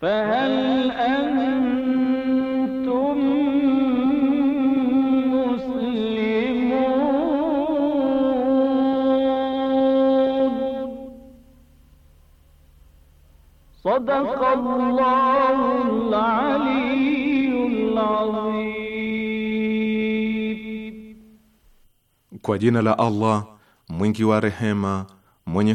فهل أنتم مسلمون صدق الله العلي العظيم كو جينا لا الله مwingi wa rehema mwenye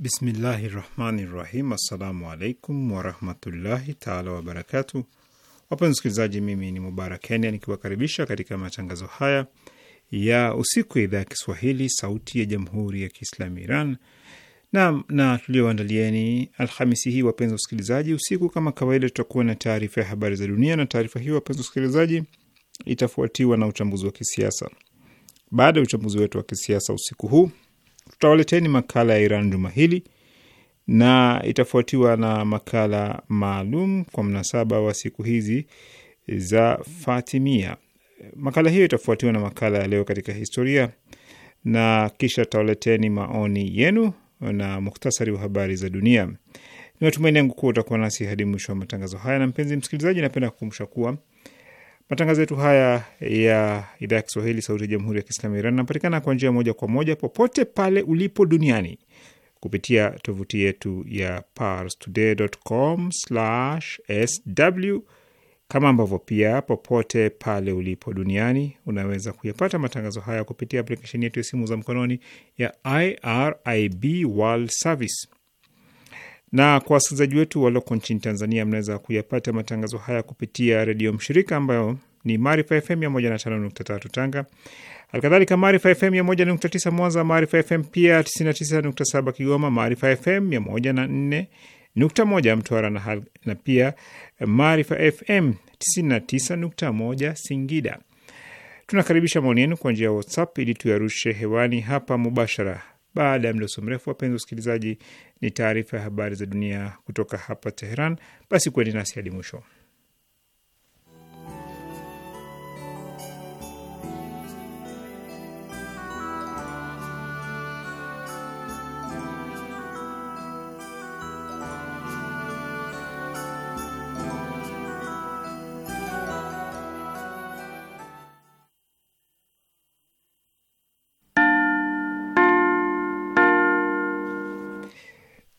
Bismillahi rahmani rahim. Assalamu alaikum warahmatullahi taala wabarakatu. Wapenzi msikilizaji, mimi ni Mubarak Kenya nikiwakaribisha katika matangazo haya ya usiku ya idhaa ya Kiswahili sauti ya jamhuri ya Kiislamu Iran na, na tulioandalieni Alhamisi hii wapenzi wasikilizaji, usiku kama kawaida, tutakuwa na taarifa ya habari za dunia, na taarifa hiyo wapenzi wasikilizaji, itafuatiwa na uchambuzi wa kisiasa. Baada ya uchambuzi wetu wa kisiasa usiku huu Tutawaleteni makala ya Iran juma hili na itafuatiwa na makala maalum kwa mnasaba wa siku hizi za Fatimia. Makala hiyo itafuatiwa na makala ya leo katika historia, na kisha tutawaleteni maoni yenu na muhtasari wa habari za dunia. Ni matumaini yangu kuwa utakuwa nasi hadi mwisho wa matangazo haya. Na mpenzi msikilizaji, napenda kukumbusha kuwa Matangazo yetu haya ya idhaa ya Kiswahili sauti ya jamhuri ya kiislamu ya Iran yanapatikana kwa njia moja kwa moja popote pale ulipo duniani kupitia tovuti yetu ya parstoday.com/sw, kama ambavyo pia popote pale ulipo duniani unaweza kuyapata matangazo haya kupitia aplikesheni yetu ya simu za mkononi ya IRIB World Service na kwa wasikilizaji wetu walioko nchini Tanzania, mnaweza kuyapata matangazo haya kupitia redio mshirika ambayo ni Maarifa FM 105.3 Tanga, halikadhalika Maarifa FM 101.9 Mwanza, Maarifa FM pia 99.7 Kigoma, Maarifa FM nukta moja Mtwara na, na pia Maarifa FM 99.1 Singida. Tunakaribisha maoni yenu kwa njia ya WhatsApp ili tuyarushe hewani hapa mubashara. Baada ya mdoso mrefu, wapenzi wasikilizaji, ni taarifa ya habari za dunia kutoka hapa Teheran. Basi kuweni nasi hadi mwisho.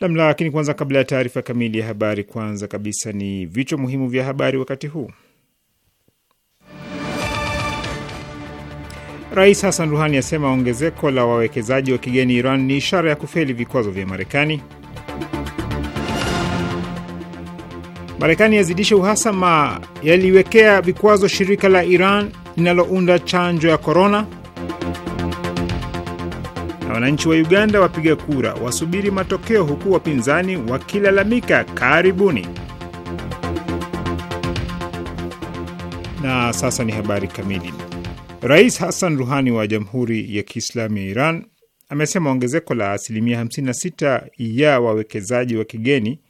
Nam, lakini kwanza, kabla ya taarifa kamili ya habari, kwanza kabisa ni vichwa muhimu vya habari wakati huu. Rais Hassan Ruhani asema ongezeko la wawekezaji wa kigeni Iran ni ishara ya kufeli vikwazo vya Marekani. Marekani yazidisha uhasama, yaliwekea vikwazo shirika la Iran linalounda chanjo ya korona. Wananchi wa Uganda wapiga kura wasubiri matokeo, huku wapinzani wakilalamika. Karibuni na sasa ni habari kamili. Rais Hassan Ruhani wa Jamhuri ya Kiislamu ya Iran amesema ongezeko la asilimia 56 ya wawekezaji wa kigeni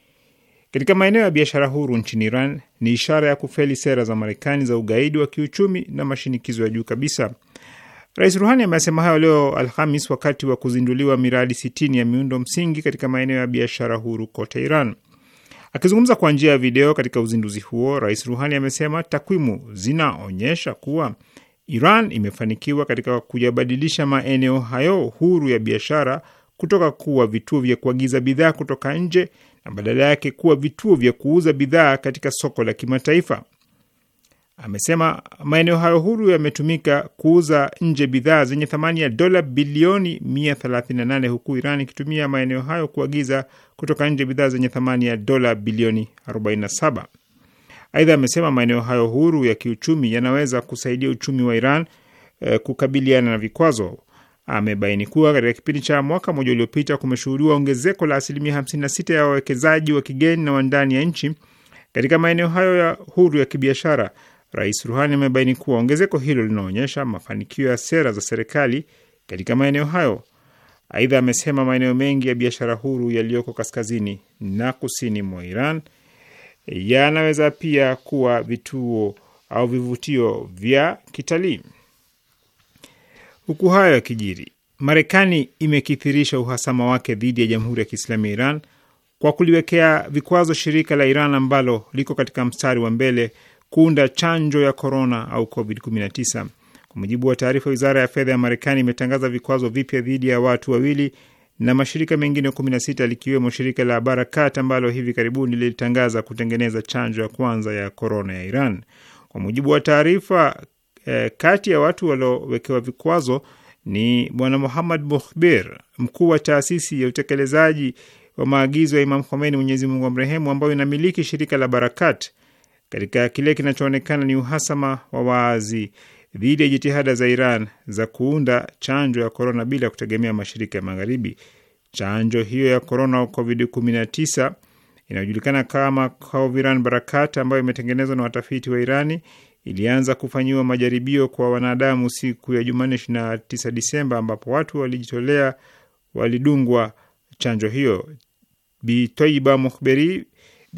katika maeneo ya biashara huru nchini Iran ni ishara ya kufeli sera za Marekani za ugaidi wa kiuchumi na mashinikizo ya juu kabisa Rais Ruhani amesema hayo leo Alhamis wakati wa kuzinduliwa miradi sitini ya miundo msingi katika maeneo ya biashara huru kote Iran. Akizungumza kwa njia ya video katika uzinduzi huo, Rais Ruhani amesema takwimu zinaonyesha kuwa Iran imefanikiwa katika kuyabadilisha maeneo hayo huru ya biashara kutoka kuwa vituo vya kuagiza bidhaa kutoka nje na badala yake kuwa vituo vya kuuza bidhaa katika soko la kimataifa. Amesema maeneo hayo huru yametumika kuuza nje bidhaa zenye thamani ya dola bilioni 138 huku Iran ikitumia maeneo hayo kuagiza kutoka nje bidhaa zenye thamani ya dola bilioni 47. Aidha, amesema maeneo hayo huru ya kiuchumi yanaweza kusaidia uchumi wa Iran eh, kukabiliana na vikwazo. Amebaini kuwa katika kipindi cha mwaka mmoja uliopita kumeshuhudiwa ongezeko la asilimia 56 ya wawekezaji wa kigeni na wa ndani ya nchi katika maeneo hayo ya huru ya kibiashara. Rais Ruhani amebaini kuwa ongezeko hilo linaonyesha mafanikio ya sera za serikali katika maeneo hayo. Aidha, amesema maeneo mengi ya biashara huru yaliyoko kaskazini na kusini mwa Iran yanaweza pia kuwa vituo au vivutio vya kitalii. Huku hayo yakijiri, Marekani imekithirisha uhasama wake dhidi ya Jamhuri ya Kiislamu ya Iran kwa kuliwekea vikwazo shirika la Iran ambalo liko katika mstari wa mbele kuunda chanjo ya korona au COVID-19. Kwa mujibu wa taarifa, wizara ya fedha ya Marekani imetangaza vikwazo vipya dhidi ya watu wawili na mashirika mengine 16 likiwemo shirika la Barakat ambalo hivi karibuni lilitangaza kutengeneza chanjo ya kwanza ya korona ya Iran. Kwa mujibu wa taarifa, eh, kati ya watu waliowekewa vikwazo ni Bwana Muhammad Mukhbir, mkuu wa taasisi ya utekelezaji wa maagizo ya Imam Khomeini, Mwenyezi Mungu amrehemu, ambayo inamiliki shirika la Barakat katika kile kinachoonekana ni uhasama wa wazi dhidi ya jitihada za Iran za kuunda chanjo ya korona bila kutegemea mashirika ya magharibi. Chanjo hiyo ya korona Covid 19 inayojulikana kama Coviran Barakat, ambayo imetengenezwa na watafiti wa Irani, ilianza kufanyiwa majaribio kwa wanadamu siku ya Jumanne 29 Disemba, ambapo watu walijitolea walidungwa chanjo hiyo. Bitoiba Mukhberi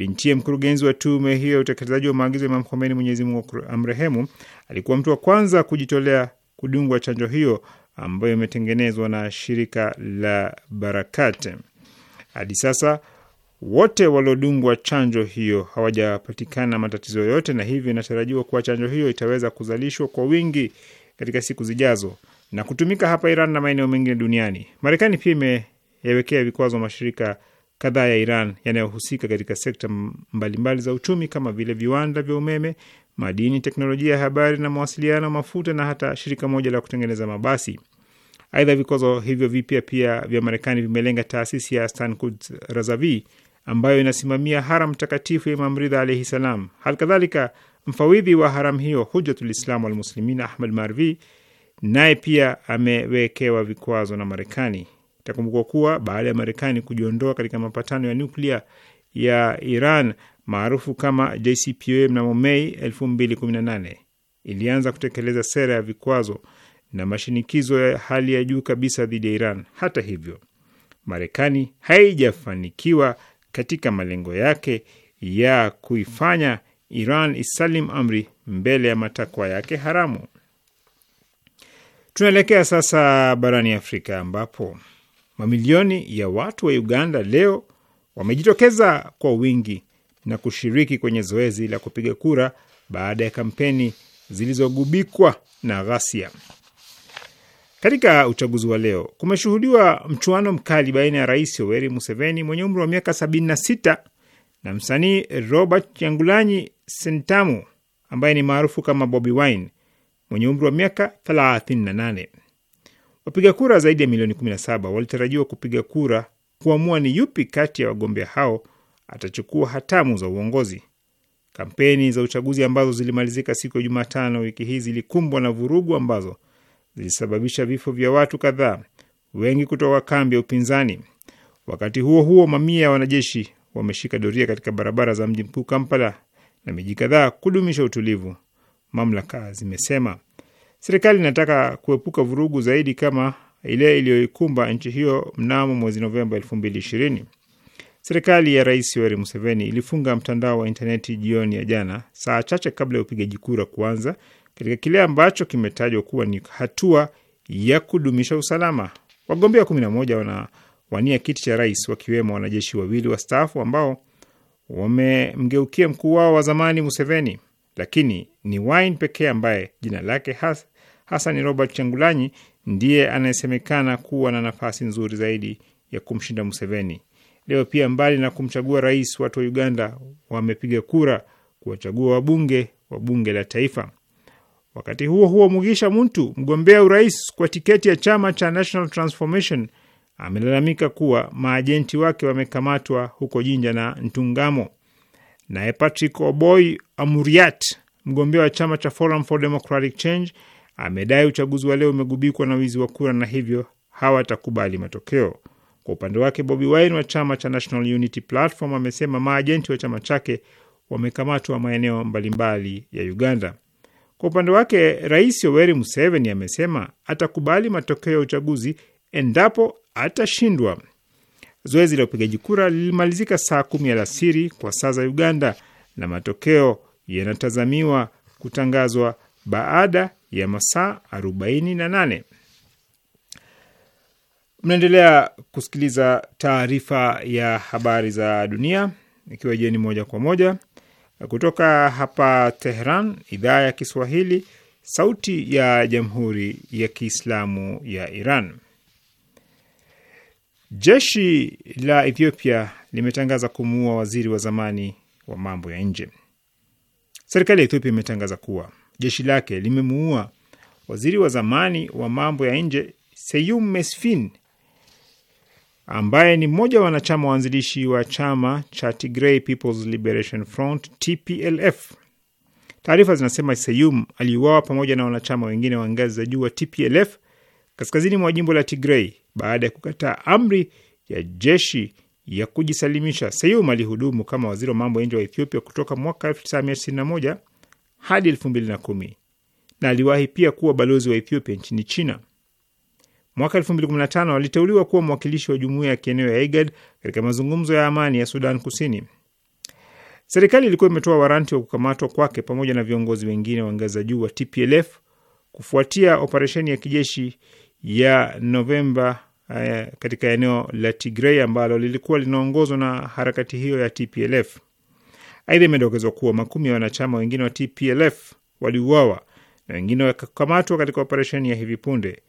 Bintiye mkurugenzi wa tume hiyo ya utekelezaji wa maagizo ya Imam Khomeini, Mwenyezi Mungu amrehemu, alikuwa mtu wa kwanza kujitolea kudungwa chanjo hiyo ambayo imetengenezwa na shirika la Barakat. Hadi sasa wote waliodungwa chanjo hiyo hawajapatikana matatizo yoyote, na hivyo inatarajiwa kuwa chanjo hiyo itaweza kuzalishwa kwa wingi katika siku zijazo na kutumika hapa Iran na maeneo mengine duniani. Marekani pia imewekea vikwazo mashirika kadhaa ya Iran yanayohusika katika sekta mbalimbali za uchumi kama vile viwanda vya umeme, madini, teknolojia ya habari na mawasiliano, mafuta na hata shirika moja la kutengeneza mabasi. Aidha, vikwazo hivyo vipya pia vya Marekani vimelenga taasisi ya Stan Quds Razavi ambayo inasimamia haram takatifu ya Imam Ridha alaihi salam. Hali kadhalika mfawidhi wa haram hiyo Hujatul Islam Walmuslimin Ahmad Marvi naye pia amewekewa vikwazo na Marekani. Itakumbukwa kuwa baada ya Marekani kujiondoa katika mapatano ya nuklia ya Iran maarufu kama JCPOA mnamo Mei 2018 ilianza kutekeleza sera ya vikwazo na mashinikizo ya hali ya juu kabisa dhidi ya Iran. Hata hivyo, Marekani haijafanikiwa katika malengo yake ya kuifanya Iran isalim amri mbele ya matakwa yake haramu. Tunaelekea sasa barani Afrika ambapo mamilioni ya watu wa Uganda leo wamejitokeza kwa wingi na kushiriki kwenye zoezi la kupiga kura baada ya kampeni zilizogubikwa na ghasia. Katika uchaguzi wa leo kumeshuhudiwa mchuano mkali baina ya Rais Yoweri Museveni mwenye umri wa miaka 76 na msanii Robert changulanyi Sentamu ambaye ni maarufu kama Bobi Wine mwenye umri wa miaka 38. Wapiga kura zaidi ya milioni 17 walitarajiwa kupiga kura kuamua ni yupi kati ya wagombea hao atachukua hatamu za uongozi. Kampeni za uchaguzi ambazo zilimalizika siku ya Jumatano wiki hii zilikumbwa na vurugu ambazo zilisababisha vifo vya watu kadhaa, wengi kutoka kambi ya upinzani. Wakati huo huo, mamia ya wanajeshi wameshika doria katika barabara za mji mkuu Kampala na miji kadhaa kudumisha utulivu, mamlaka zimesema. Serikali inataka kuepuka vurugu zaidi kama ile iliyoikumba nchi hiyo mnamo mwezi Novemba 2020. Serikali ya Rais Yoweri Museveni ilifunga mtandao wa intaneti jioni ya jana, saa chache kabla ya upigaji kura kuanza, katika kile ambacho kimetajwa kuwa ni hatua ya kudumisha usalama. Wagombea 11 wanawania kiti cha rais, wakiwemo wanajeshi wawili wastaafu ambao wamemgeukia mkuu wao wa zamani Museveni, lakini ni Wine pekee ambaye jina lake has, hasa ni Robert Changulanyi ndiye anayesemekana kuwa na nafasi nzuri zaidi ya kumshinda Museveni. Leo pia, mbali na kumchagua rais, watu wa Uganda wamepiga kura kuwachagua wabunge wa bunge la taifa. Wakati huo huo, Mugisha Muntu, mgombea urais kwa tiketi ya chama cha National Transformation, amelalamika kuwa maajenti wake wamekamatwa huko Jinja na Ntungamo. Naye Patrick Oboy Amuriat, mgombea wa chama cha Forum for Democratic Change amedai uchaguzi wa leo umegubikwa na wizi wa kura na hivyo hawatakubali matokeo. Kwa upande wake, Bobi Wine wa chama cha National Unity Platform amesema maajenti wa chama chake wamekamatwa maeneo mbalimbali ya Uganda. Kwa upande wake, Rais Yoweri Museveni amesema atakubali matokeo ya uchaguzi endapo atashindwa. Zoezi la upigaji kura lilimalizika saa kumi alasiri kwa saa za Uganda na matokeo yanatazamiwa kutangazwa baada ya masaa 48. Mnaendelea kusikiliza taarifa ya habari za dunia ikiwa jeni moja kwa moja kutoka hapa Tehran, idhaa ya Kiswahili, sauti ya jamhuri ya kiislamu ya Iran. Jeshi la Ethiopia limetangaza kumuua waziri wa zamani wa mambo ya nje. Serikali ya Ethiopia imetangaza kuwa jeshi lake limemuua waziri wa zamani wa mambo ya nje Seyum Mesfin ambaye ni mmoja wa wanachama waanzilishi wa chama cha Tigray People's Liberation Front TPLF. Taarifa zinasema Seyum aliuawa pamoja na wanachama wengine wa ngazi za juu wa TPLF kaskazini mwa jimbo la Tigray baada ya kukataa amri ya jeshi ya kujisalimisha. Seyum alihudumu kama waziri wa mambo ya nje wa Ethiopia kutoka mwaka 1991 hadi elfu mbili na kumi na aliwahi pia kuwa balozi wa Ethiopia nchini China. Mwaka 2015 aliteuliwa kuwa mwakilishi wa jumuiya ya kieneo ya IGAD katika mazungumzo ya amani ya Sudan Kusini. Serikali ilikuwa imetoa waranti wa kukamatwa kwake pamoja na viongozi wengine wa ngazi za juu wa TPLF kufuatia operesheni ya kijeshi ya Novemba eh, katika eneo la Tigray ambalo lilikuwa linaongozwa na harakati hiyo ya TPLF. Aidha, imedokezwa kuwa makumi ya wanachama wengine wa TPLF waliuawa na wengine wakakamatwa katika operesheni ya hivi punde.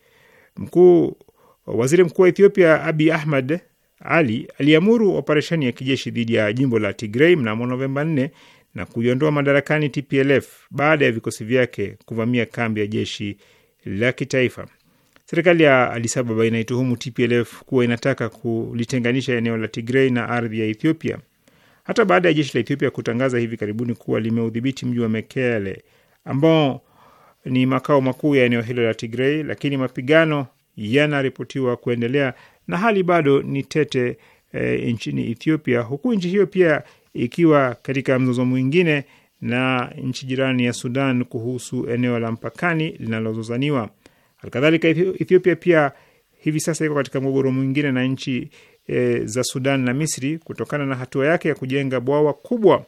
Mkuu waziri mkuu wa Ethiopia Abi Ahmed Ali aliamuru operesheni ya kijeshi dhidi ya jimbo la Tigrei mnamo Novemba 4 na kuiondoa madarakani TPLF baada ya vikosi vyake kuvamia kambi ya jeshi la kitaifa. Serikali ya Addis Ababa inaituhumu TPLF kuwa inataka kulitenganisha eneo la Tigrei na ardhi ya Ethiopia hata baada ya jeshi la Ethiopia kutangaza hivi karibuni kuwa limeudhibiti mji wa Mekele ambao ni makao makuu ya eneo hilo la Tigrei, lakini mapigano yanaripotiwa kuendelea na hali bado ni tete e, nchini Ethiopia, huku nchi hiyo pia ikiwa katika mzozo mwingine na nchi jirani ya Sudan kuhusu eneo la mpakani linalozozaniwa. Halikadhalika, Ethiopia pia hivi sasa iko katika mgogoro mwingine na nchi e, za Sudan na Misri kutokana na hatua yake ya kujenga bwawa kubwa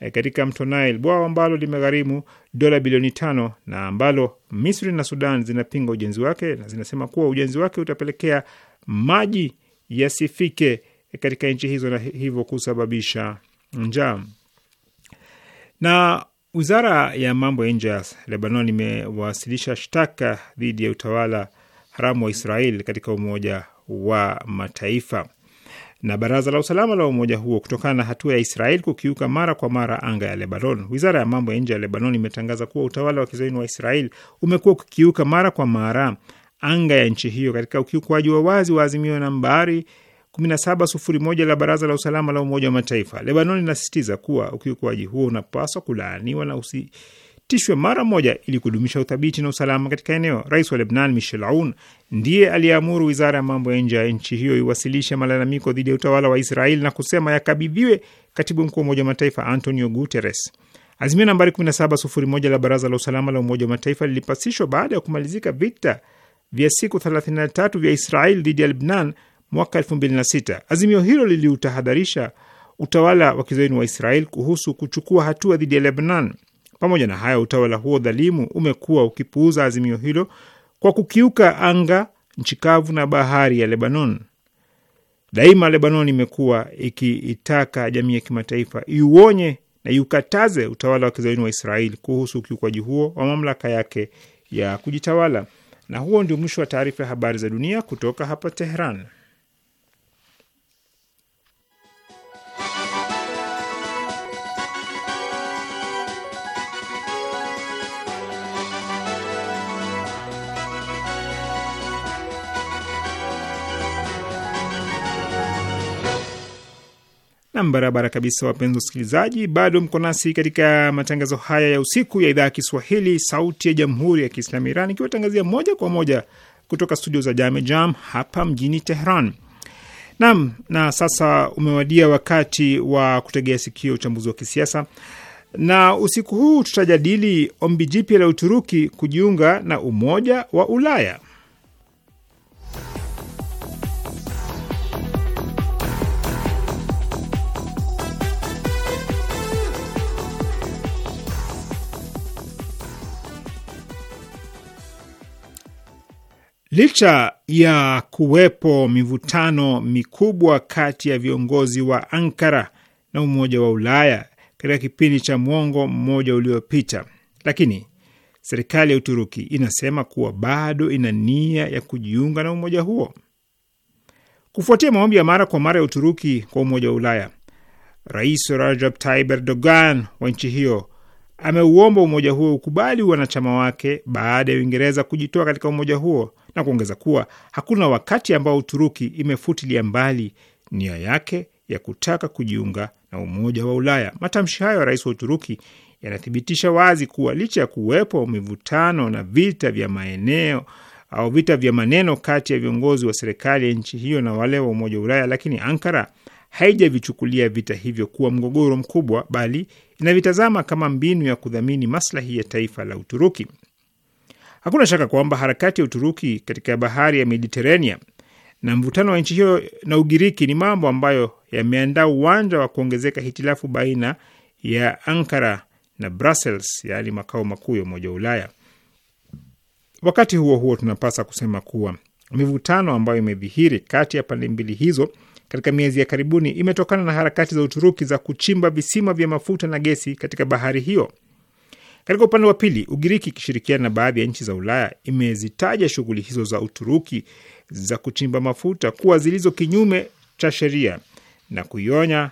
e, katika mto Nile, bwawa ambalo limegharimu dola bilioni tano na ambalo Misri na Sudan zinapinga ujenzi wake na zinasema kuwa ujenzi wake utapelekea maji yasifike katika nchi hizo na hivyo kusababisha njaa. Na wizara ya mambo ya nje ya Lebanon imewasilisha shtaka dhidi ya utawala haramu wa Israel katika Umoja wa Mataifa na Baraza la Usalama la umoja huo kutokana na hatua ya Israel kukiuka mara kwa mara anga ya Lebanon. Wizara ya mambo ya nje ya Lebanon imetangaza kuwa utawala wa kizayuni wa Israel umekuwa ukikiuka mara kwa mara anga ya nchi hiyo katika ukiukwaji wa wazi wa azimio nambari 1701 la Baraza la Usalama la Umoja wa Mataifa. Lebanon inasisitiza kuwa ukiukwaji huo unapaswa kulaaniwa na usi usitishwe mara moja ili kudumisha uthabiti na usalama katika eneo. Rais wa Lebnan Michel Aoun ndiye aliyeamuru wizara ya mambo ya nje ya nchi hiyo iwasilishe malalamiko dhidi ya utawala wa Israel na kusema yakabidhiwe katibu mkuu wa Umoja wa Mataifa Antonio Guterres. Azimio nambari 1701 la Baraza la Usalama la Umoja wa Mataifa lilipasishwa baada ya kumalizika vita vya siku 33 vya Israel dhidi ya Lebnan mwaka 2006. Azimio hilo liliutahadharisha utawala wa kizoeni wa Israel kuhusu kuchukua hatua dhidi ya Lebnan. Pamoja na hayo utawala huo dhalimu umekuwa ukipuuza azimio hilo kwa kukiuka anga, nchi kavu na bahari ya Lebanon. Daima Lebanon imekuwa ikiitaka jamii ya kimataifa iuonye na iukataze utawala wa kizayuni wa Israeli kuhusu ukiukwaji huo wa mamlaka yake ya kujitawala. Na huo ndio mwisho wa taarifa ya habari za dunia kutoka hapa Tehran. Nam, barabara kabisa, wapenzi wasikilizaji, bado mko nasi katika matangazo haya ya usiku ya idhaa ya Kiswahili Sauti ya Jamhuri ya Kiislamu Iran ikiwatangazia moja kwa moja kutoka studio za Jame Jam hapa mjini Tehran. Nam, na sasa umewadia wakati wa kutegea sikio uchambuzi wa kisiasa, na usiku huu tutajadili ombi jipya la Uturuki kujiunga na Umoja wa Ulaya. Licha ya kuwepo mivutano mikubwa kati ya viongozi wa Ankara na Umoja wa Ulaya katika kipindi cha mwongo mmoja uliopita, lakini serikali ya Uturuki inasema kuwa bado ina nia ya kujiunga na umoja huo. Kufuatia maombi ya mara kwa mara ya Uturuki kwa Umoja wa Ulaya, Rais Rajab Tayyip Erdogan wa nchi hiyo ameuomba umoja huo ukubali wanachama wake baada ya Uingereza kujitoa katika umoja huo na kuongeza kuwa hakuna wakati ambao Uturuki imefutilia mbali nia yake ya kutaka kujiunga na Umoja wa Ulaya. Matamshi hayo ya rais wa Uturuki yanathibitisha wazi kuwa licha ya kuwepo mivutano na vita vya maeneo au vita vya maneno kati ya viongozi wa serikali ya nchi hiyo na wale wa Umoja wa Ulaya, lakini Ankara haijavichukulia vita hivyo kuwa mgogoro mkubwa, bali inavitazama kama mbinu ya kudhamini maslahi ya taifa la Uturuki. Hakuna shaka kwamba harakati ya Uturuki katika bahari ya Mediterania na mvutano wa nchi hiyo na Ugiriki ni mambo ambayo yameandaa uwanja wa kuongezeka hitilafu baina ya Ankara na Brussels, yaani makao makuu ya Umoja wa Ulaya. Wakati huo huo, tunapasa kusema kuwa mivutano ambayo imedhihiri kati ya pande mbili hizo katika miezi ya karibuni imetokana na harakati za Uturuki za kuchimba visima vya mafuta na gesi katika bahari hiyo. Katika upande wa pili, Ugiriki ikishirikiana na baadhi ya nchi za Ulaya imezitaja shughuli hizo za Uturuki za kuchimba mafuta kuwa zilizo kinyume cha sheria na kuionya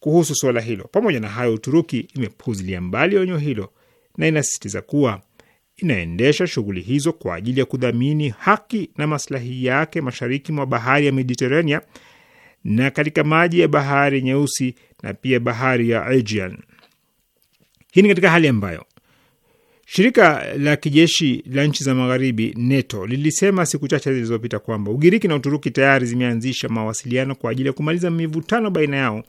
kuhusu suala hilo. Pamoja na hayo, Uturuki imepuzilia mbali onyo hilo na inasisitiza kuwa inaendesha shughuli hizo kwa ajili ya kudhamini haki na maslahi yake mashariki mwa bahari ya Mediterania na katika maji ya bahari nyeusi na pia bahari ya Aegean. Hii ni katika hali ambayo shirika la kijeshi la nchi za magharibi NATO lilisema siku chache zilizopita kwamba Ugiriki na Uturuki tayari zimeanzisha mawasiliano kwa ajili ya kumaliza mivutano baina yao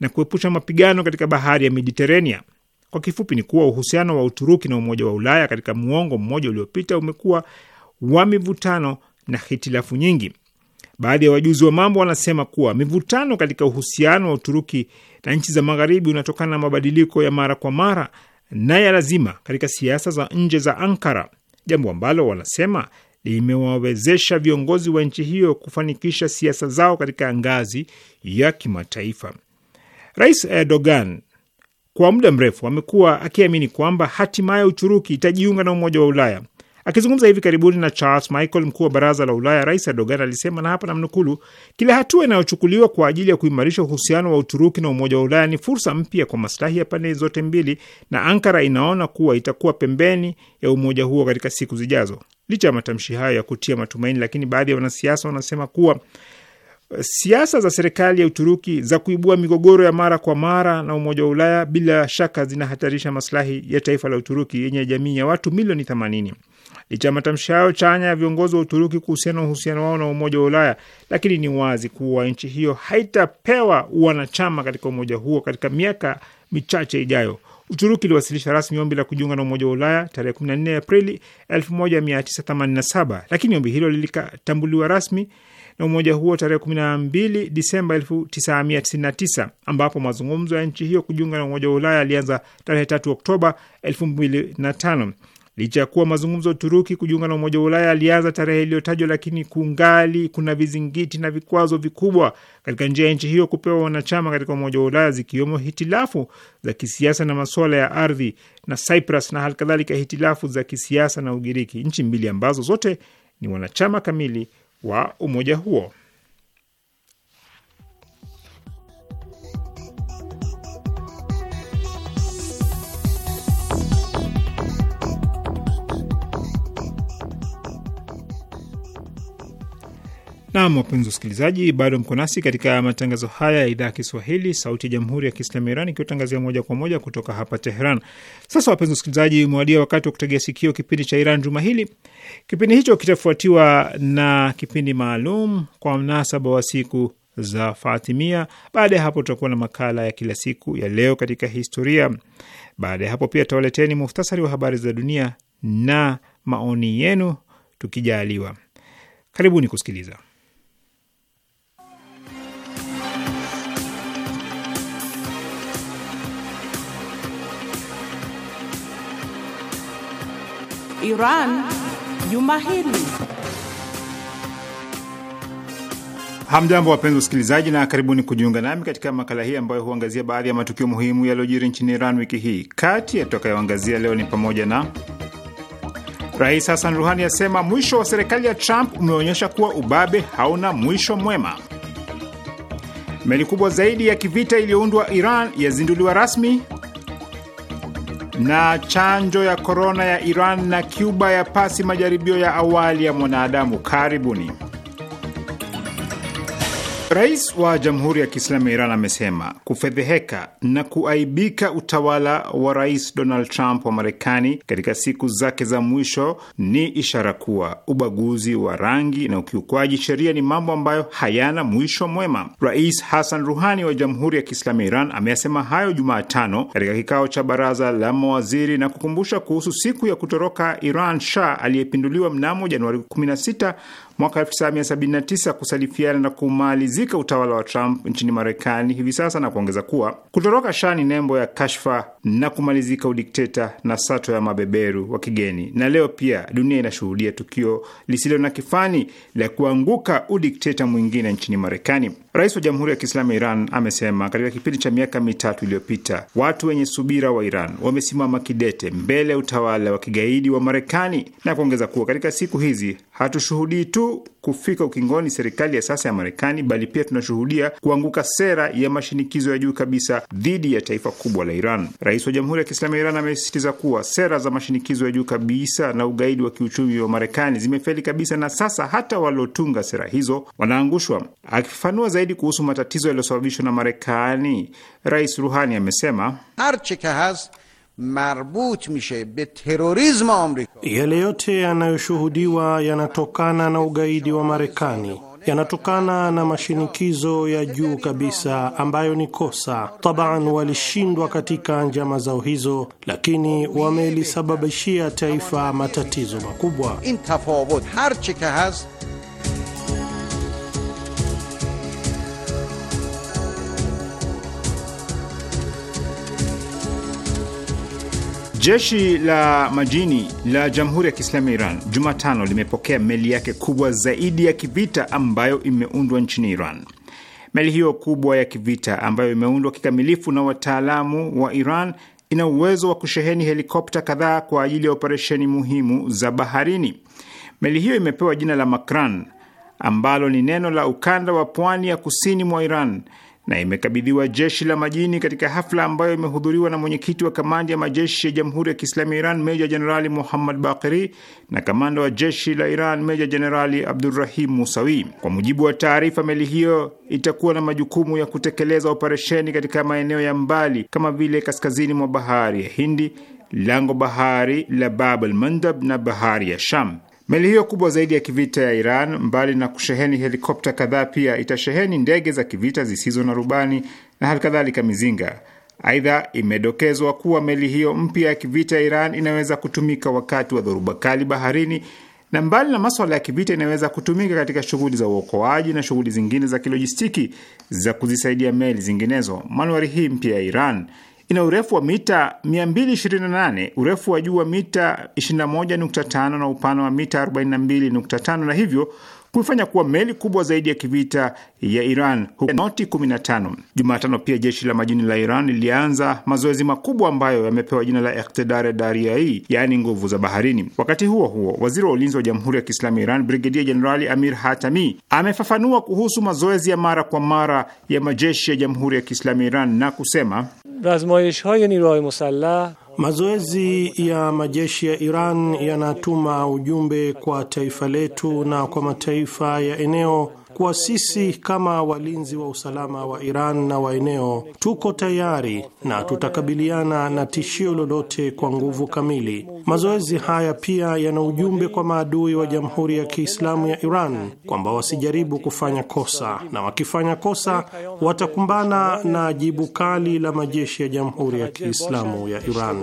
na kuepusha mapigano katika bahari ya Mediterania. Kwa kifupi ni kuwa uhusiano wa Uturuki na Umoja wa Ulaya katika muongo mmoja uliopita umekuwa wa mivutano na hitilafu nyingi. Baadhi ya wajuzi wa mambo wanasema kuwa mivutano katika uhusiano wa Uturuki na nchi za Magharibi unatokana na mabadiliko ya mara kwa mara na ya lazima katika siasa za nje za Ankara, jambo ambalo wanasema limewawezesha viongozi wa nchi hiyo kufanikisha siasa zao katika ngazi ya kimataifa. Rais Erdogan kwa muda mrefu amekuwa akiamini kwamba hatimaye Uturuki itajiunga na Umoja wa Ulaya Akizungumza hivi karibuni na Charles Michael, mkuu wa baraza la Ulaya, Rais Erdogan alisema, na hapa namnukulu, kila hatua inayochukuliwa kwa ajili ya kuimarisha uhusiano wa Uturuki na Umoja wa Ulaya ni fursa mpya kwa maslahi ya pande zote mbili, na Ankara inaona kuwa itakuwa pembeni ya umoja huo katika siku zijazo. Licha ya matamshi hayo ya kutia matumaini, lakini baadhi ya wanasiasa wanasema kuwa eh, siasa za serikali ya Uturuki za kuibua migogoro ya mara kwa mara na Umoja wa Ulaya bila shaka zinahatarisha maslahi ya taifa la Uturuki yenye jamii ya watu milioni 80. Licha ya matamshi hayo chanya ya viongozi wa Uturuki kuhusiana na uhusiano wao na Umoja wa Ulaya, lakini ni wazi kuwa nchi hiyo haitapewa wanachama katika umoja huo katika miaka michache ijayo. Uturuki iliwasilisha rasmi ombi la kujiunga na Umoja wa Ulaya tarehe 14 Aprili 1987 lakini ombi hilo lilitambuliwa rasmi na umoja huo tarehe 12 Disemba 1999 ambapo mazungumzo ya nchi hiyo kujiunga na Umoja wa Ulaya yalianza tarehe 3 Oktoba 2005. Licha ya kuwa mazungumzo ya Uturuki kujiunga na Umoja wa Ulaya alianza tarehe iliyotajwa, lakini kungali kuna vizingiti na vikwazo vikubwa katika njia ya nchi hiyo kupewa wanachama katika Umoja wa Ulaya, zikiwemo hitilafu za kisiasa na masuala ya ardhi na Cyprus na halikadhalika hitilafu za kisiasa na Ugiriki, nchi mbili ambazo zote ni wanachama kamili wa umoja huo. Naam, wapenzi wasikilizaji, bado mko nasi katika matangazo haya ya idhaa ya Kiswahili, sauti ya jamhuri ya kiislamu ya Iran ikiwatangazia moja kwa moja kutoka hapa Teheran. Sasa wapenzi wasikilizaji, umewadia wakati wa kutegea sikio kipindi cha Iran juma hili. Kipindi hicho kitafuatiwa na kipindi maalum kwa mnasaba wa siku za Fatimia. Baada ya hapo, tutakuwa na makala ya kila siku ya leo katika historia. Baada ya hapo, pia tawaleteni muhtasari wa habari za dunia na maoni yenu tukijaliwa. Karibuni kusikiliza. Iran juma hili. Hamjambo, wapenzi wasikilizaji, na karibuni kujiunga nami katika makala hii ambayo huangazia baadhi ya matukio muhimu yaliyojiri nchini Iran wiki hii. Kati ya tutakayoangazia leo ni pamoja na Rais Hassan Ruhani asema mwisho wa serikali ya Trump umeonyesha kuwa ubabe hauna mwisho mwema. Meli kubwa zaidi ya kivita iliyoundwa Iran yazinduliwa rasmi na chanjo ya korona ya Iran na Cuba ya pasi majaribio ya awali ya mwanadamu. Karibuni. Rais wa Jamhuri ya Kiislamu ya Iran amesema kufedheheka na kuaibika utawala wa Rais Donald Trump wa Marekani katika siku zake za mwisho ni ishara kuwa ubaguzi wa rangi na ukiukwaji sheria ni mambo ambayo hayana mwisho mwema. Rais Hassan Ruhani wa Jamhuri ya Kiislamu ya Iran ameyasema hayo Jumatano katika kikao cha baraza la mawaziri na kukumbusha kuhusu siku ya kutoroka Iran Shah aliyepinduliwa mnamo Januari 16 mwaka 1979 kusalifiana na kumalizika utawala wa Trump nchini Marekani hivi sasa, na kuongeza kuwa kutoroka Shah ni nembo ya kashfa na kumalizika udikteta na sato ya mabeberu wa kigeni. Na leo pia dunia inashuhudia tukio lisilo na kifani la kuanguka udikteta mwingine nchini Marekani. Rais wa Jamhuri ya Kiislamu ya Iran amesema katika kipindi cha miaka mitatu iliyopita watu wenye subira wa Iran wamesimama kidete mbele ya utawala wa kigaidi wa Marekani na kuongeza kuwa katika siku hizi hatushuhudii tu kufika ukingoni serikali ya sasa ya Marekani, bali pia tunashuhudia kuanguka sera ya mashinikizo ya juu kabisa dhidi ya taifa kubwa la Iran. Rais wa Jamhuri ya Kiislamu ya Iran amesisitiza kuwa sera za mashinikizo ya juu kabisa na ugaidi wa kiuchumi wa Marekani zimefeli kabisa, na sasa hata waliotunga sera hizo wanaangushwa. Akifafanua zaidi kuhusu matatizo yaliyosababishwa na Marekani, Rais Ruhani amesema yale yote yanayoshuhudiwa yanatokana na ugaidi wa Marekani, yanatokana na mashinikizo ya juu kabisa ambayo ni kosa taban. Walishindwa katika njama zao hizo, lakini wamelisababishia taifa matatizo makubwa. Jeshi la majini la Jamhuri ya Kiislamu ya Iran Jumatano limepokea meli yake kubwa zaidi ya kivita ambayo imeundwa nchini Iran. Meli hiyo kubwa ya kivita ambayo imeundwa kikamilifu na wataalamu wa Iran ina uwezo wa kusheheni helikopta kadhaa kwa ajili ya operesheni muhimu za baharini. Meli hiyo imepewa jina la Makran ambalo ni neno la ukanda wa pwani ya kusini mwa Iran na imekabidhiwa jeshi la majini katika hafla ambayo imehudhuriwa na mwenyekiti wa kamandi ya majeshi ya Jamhuri ya Kiislamu ya Iran Meja Jenerali Muhammad Bakiri na kamanda wa jeshi la Iran Meja Jenerali Abdurrahim Musawi. Kwa mujibu wa taarifa, meli hiyo itakuwa na majukumu ya kutekeleza operesheni katika maeneo ya mbali kama vile kaskazini mwa bahari ya Hindi, lango bahari la Bab al Mandab na bahari ya Sham. Meli hiyo kubwa zaidi ya kivita ya Iran, mbali na kusheheni helikopta kadhaa, pia itasheheni ndege za kivita zisizo na rubani na hali kadhalika mizinga. Aidha, imedokezwa kuwa meli hiyo mpya ya kivita ya Iran inaweza kutumika wakati wa dhoruba kali baharini, na mbali na maswala ya kivita, inaweza kutumika katika shughuli za uokoaji na shughuli zingine za kilojistiki za kuzisaidia meli zinginezo. Manuari hii mpya ya Iran ina urefu wa mita 228, urefu wa juu wa mita 21.5 na upana wa mita 42.5 na hivyo kuifanya kuwa meli kubwa zaidi ya kivita ya Iran huku noti 15. Jumatano pia jeshi la majini la Iran lilianza mazoezi makubwa ambayo yamepewa jina la Iktidare Dariai, yaani nguvu za baharini. Wakati huo huo, waziri wa ulinzi wa Jamhuri ya Kiislamu ya Iran Brigedia Jenerali Amir Hatami amefafanua kuhusu mazoezi ya mara kwa mara ya majeshi ya Jamhuri ya Kiislamu ya Iran na kusema Mazoezi ya majeshi ya Iran yanatuma ujumbe kwa taifa letu na kwa mataifa ya eneo kuwa sisi kama walinzi wa usalama wa Iran na wa eneo tuko tayari na tutakabiliana na tishio lolote kwa nguvu kamili. Mazoezi haya pia yana ujumbe kwa maadui wa Jamhuri ya Kiislamu ya Iran kwamba wasijaribu kufanya kosa, na wakifanya kosa watakumbana na jibu kali la majeshi ya Jamhuri ya Kiislamu ya Iran.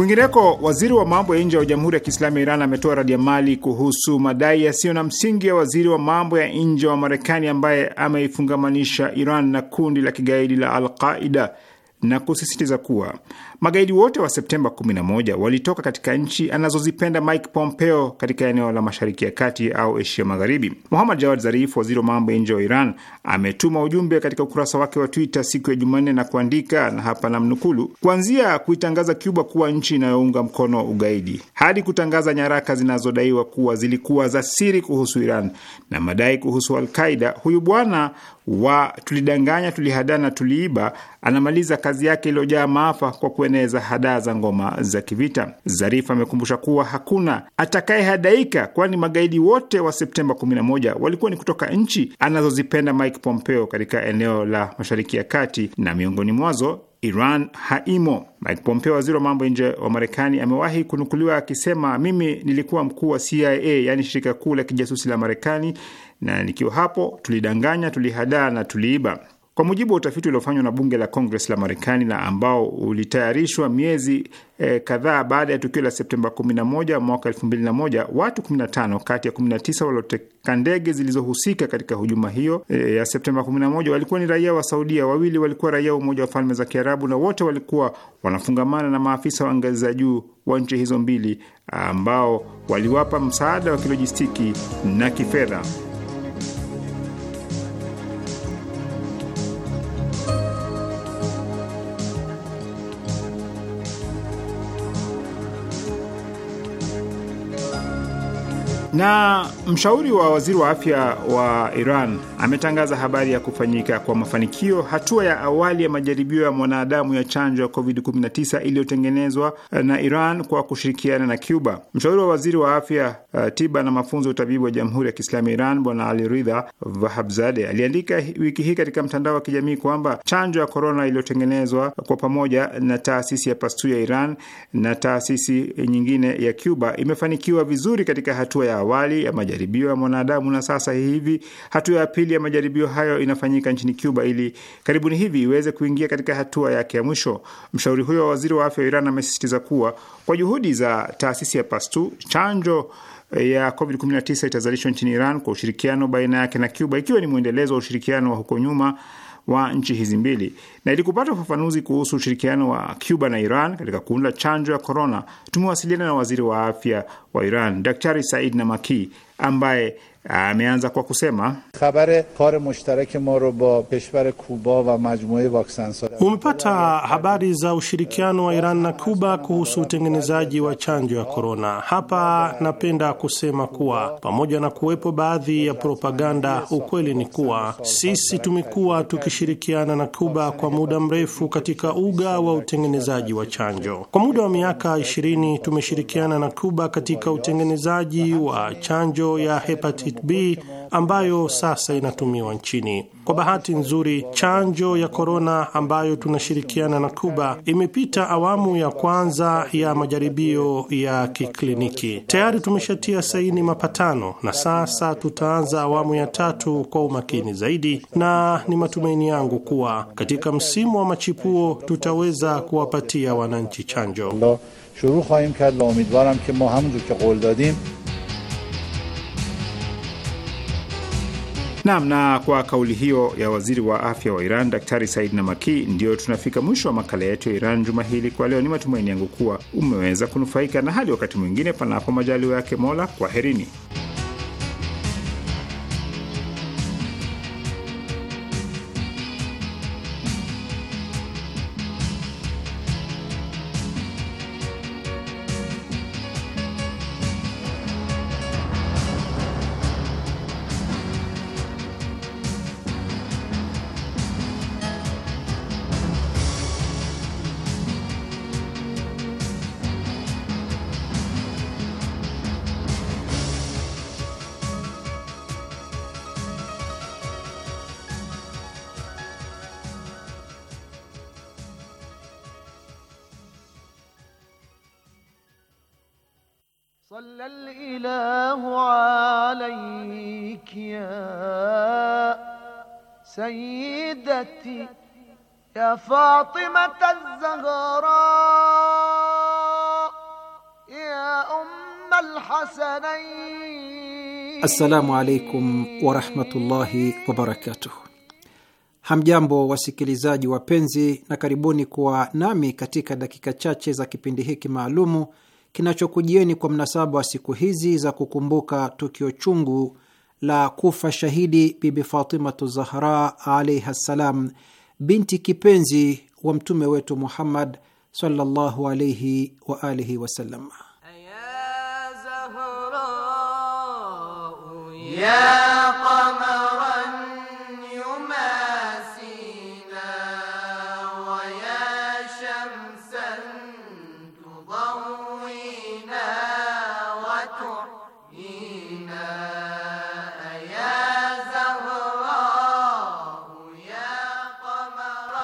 Kwingineko, waziri wa mambo ya nje wa Jamhuri ya Kiislamu ya Iran ametoa radi mali kuhusu madai yasiyo na msingi ya waziri wa mambo ya nje wa Marekani ambaye ameifungamanisha Iran na kundi la kigaidi la Alqaida na kusisitiza kuwa Magaidi wote wa Septemba 11 walitoka katika nchi anazozipenda Mike Pompeo katika eneo la Mashariki ya Kati au Asia Magharibi. Muhammad Jawad Zarif, waziri wa mambo ya nje wa Iran, ametuma ujumbe katika ukurasa wake wa Twitter siku ya Jumanne na kuandika, na hapa namnukulu: kuanzia kuitangaza Cuba kuwa nchi inayounga mkono ugaidi hadi kutangaza nyaraka zinazodaiwa kuwa zilikuwa za siri kuhusu Iran na madai kuhusu Alqaida, huyu bwana wa tulidanganya, tulihadana, tuliiba anamaliza kazi yake iliyojaa maafa kwa kueneza hadaa za ngoma za kivita. Zarif amekumbusha kuwa hakuna atakayehadaika, kwani magaidi wote wa Septemba 11 walikuwa ni kutoka nchi anazozipenda Mike Pompeo katika eneo la Mashariki ya Kati, na miongoni mwazo Iran haimo. Mike Pompeo, waziri wa mambo nje wa Marekani, amewahi kunukuliwa akisema, mimi nilikuwa mkuu wa CIA, yaani shirika kuu la kijasusi la Marekani, na nikiwa hapo tulidanganya, tulihadaa na tuliiba. Kwa mujibu wa utafiti uliofanywa na bunge la kongres la Marekani na ambao ulitayarishwa miezi e, kadhaa baada ya tukio la Septemba 11 mwaka 2001, watu 15 kati ya 19 walioteka ndege zilizohusika katika hujuma hiyo e, ya Septemba 11 walikuwa ni raia wa Saudia, wawili walikuwa raia wa Umoja wa Falme za Kiarabu na wote walikuwa wanafungamana na maafisa wa ngazi za juu wa nchi hizo mbili ambao waliwapa msaada wa kilojistiki na kifedha. Na mshauri wa waziri wa afya wa Iran ametangaza habari ya kufanyika kwa mafanikio hatua ya awali ya majaribio ya mwanadamu ya chanjo ya COVID-19 iliyotengenezwa eh, na Iran kwa kushirikiana na Cuba. Mshauri wa waziri wa afya, uh, tiba na mafunzo ya utabibu wa Jamhuri ya Kiislamu ya Iran Bwana Ali Ridha Vahabzade aliandika wiki hii katika mtandao wa kijamii kwamba chanjo ya korona iliyotengenezwa kwa pamoja na taasisi ya pastu ya Iran na taasisi nyingine ya Cuba imefanikiwa vizuri katika hatua ya awali ya majaribio ya mwanadamu na sasa hivi hatua ya pili ajili ya majaribio hayo inafanyika nchini Cuba ili karibuni hivi iweze kuingia katika hatua yake ya mwisho. Mshauri huyo wa waziri wa afya wa Iran amesisitiza kuwa kwa juhudi za taasisi ya Pastu, chanjo eh, ya COVID-19 itazalishwa nchini Iran kwa ushirikiano baina yake na Cuba, ikiwa ni mwendelezo wa ushirikiano wa huko nyuma wa nchi hizi mbili. Na ili kupata ufafanuzi kuhusu ushirikiano wa Cuba na Iran katika kuunda chanjo ya korona, tumewasiliana na waziri wa afya wa Iran Daktari Said Namaki ambaye ameanza kwa kusema umepata habari za ushirikiano wa Iran na Kuba kuhusu utengenezaji wa chanjo ya korona. Hapa napenda kusema kuwa pamoja na kuwepo baadhi ya propaganda, ukweli ni kuwa sisi tumekuwa tukishirikiana na Kuba kwa muda mrefu katika uga wa utengenezaji wa chanjo. Kwa muda wa miaka 20 tumeshirikiana na Kuba katika utengenezaji wa chanjo ya hepatitis Hepatit B ambayo sasa inatumiwa nchini. Kwa bahati nzuri, chanjo ya korona ambayo tunashirikiana na Kuba imepita awamu ya kwanza ya majaribio ya kikliniki. Tayari tumeshatia saini mapatano na sasa tutaanza awamu ya tatu kwa umakini zaidi, na ni matumaini yangu kuwa katika msimu wa machipuo tutaweza kuwapatia wananchi chanjo. Naam, na kwa kauli hiyo ya waziri wa afya wa Iran Daktari Said Namaki, ndiyo tunafika mwisho wa makala yetu ya Iran juma hili kwa leo. Ni matumaini yangu kuwa umeweza kunufaika na hadi wakati mwingine, panapo majaliwa yake Mola. Kwaherini. فاطمة الزهراء يا أم الحسنين. Assalamu alaikum warahmatullahi wabarakatuh. Hamjambo wasikilizaji wapenzi, na karibuni kuwa nami katika dakika chache za kipindi hiki maalumu kinachokujieni kwa mnasaba wa siku hizi za kukumbuka tukio chungu la kufa shahidi Bibi Fatimatu Zahra alaihi ssalam binti kipenzi wa mtume wetu Muhammad sallallahu alayhi wa alihi wasallam. ya Zahra ya Qamar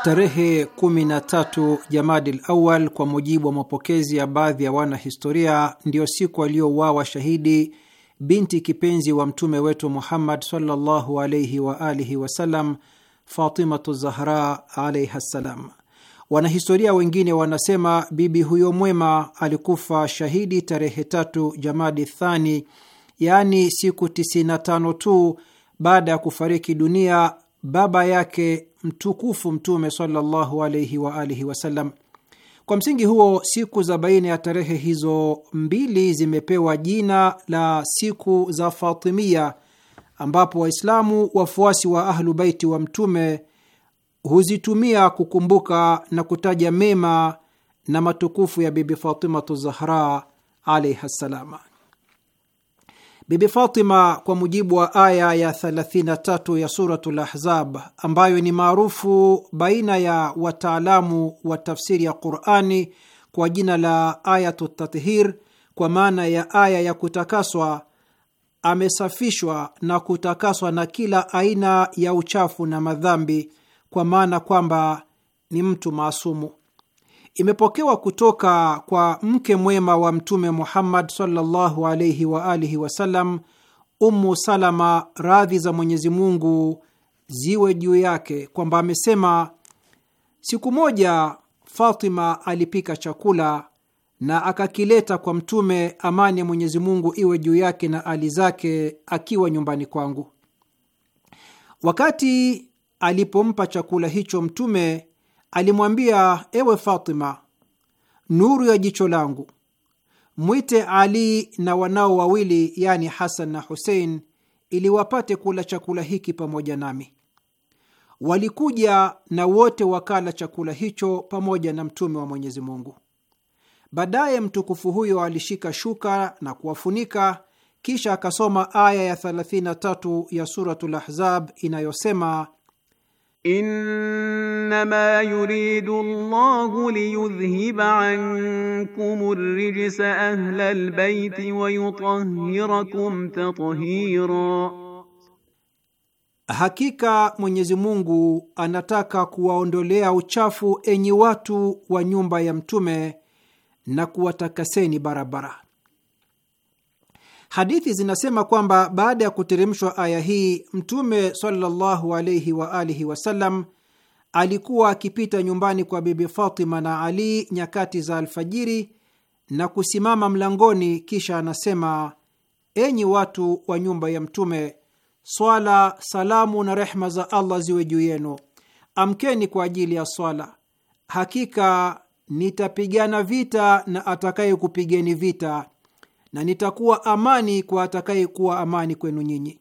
Tarehe 13 Jamadi Lawal, kwa mujibu wa mapokezi ya baadhi ya wanahistoria, ndiyo siku aliyouawa shahidi binti kipenzi wa mtume wetu Muhammad sallallahu alaihi wa alihi wasallam, Fatimatu Zahra alaiha ssalam. Wanahistoria wengine wanasema bibi huyo mwema alikufa shahidi tarehe tatu Jamadi Thani, yaani siku 95 tu baada ya kufariki dunia baba yake mtukufu Mtume sallallahu alaihi wa alihi wasallam. Kwa msingi huo, siku za baina ya tarehe hizo mbili zimepewa jina la siku za Fatimia, ambapo Waislamu wafuasi wa Ahlu Baiti wa Mtume huzitumia kukumbuka na kutaja mema na matukufu ya Bibi Fatimatu Zahra alaihi ssalama. Bibi Fatima, kwa mujibu wa aya ya 33 ya Suratul Ahzab ambayo ni maarufu baina ya wataalamu wa tafsiri ya Qurani kwa jina la ayatu tathir, kwa maana ya aya ya kutakaswa, amesafishwa na kutakaswa na kila aina ya uchafu na madhambi, kwa maana kwamba ni mtu maasumu imepokewa kutoka kwa mke mwema wa Mtume Muhammad sallallahu alaihi wa alihi wasallam, Ummu Salama, radhi za Mwenyezi Mungu ziwe juu yake, kwamba amesema, siku moja Fatima alipika chakula na akakileta kwa Mtume, amani ya Mwenyezi Mungu iwe juu yake na ali zake, akiwa nyumbani kwangu. Wakati alipompa chakula hicho Mtume, alimwambia, ewe Fatima, nuru ya jicho langu, mwite Ali na wanao wawili, yani Hasan na Husein, ili wapate kula chakula hiki pamoja nami. Walikuja na wote wakala chakula hicho pamoja na Mtume wa Mwenyezi Mungu. Baadaye mtukufu huyo alishika shuka na kuwafunika, kisha akasoma aya ya 33 ya Suratul Ahzab inayosema Innama yuridu Allahu liyudhhiba ankum ar-rijsa ahla al-bayti wa yutahhirakum tathira, hakika Mwenyezi Mungu anataka kuwaondolea uchafu enyi watu wa nyumba ya Mtume na kuwatakaseni barabara. Hadithi zinasema kwamba baada ya kuteremshwa aya hii, Mtume sallallahu alaihi wa alihi wasallam alikuwa akipita nyumbani kwa Bibi Fatima na Ali nyakati za alfajiri na kusimama mlangoni, kisha anasema: enyi watu wa nyumba ya Mtume, swala, salamu na rehma za Allah ziwe juu yenu, amkeni kwa ajili ya swala. Hakika nitapigana vita na atakayekupigeni vita na nitakuwa amani kwa atakayekuwa amani kwenu nyinyi.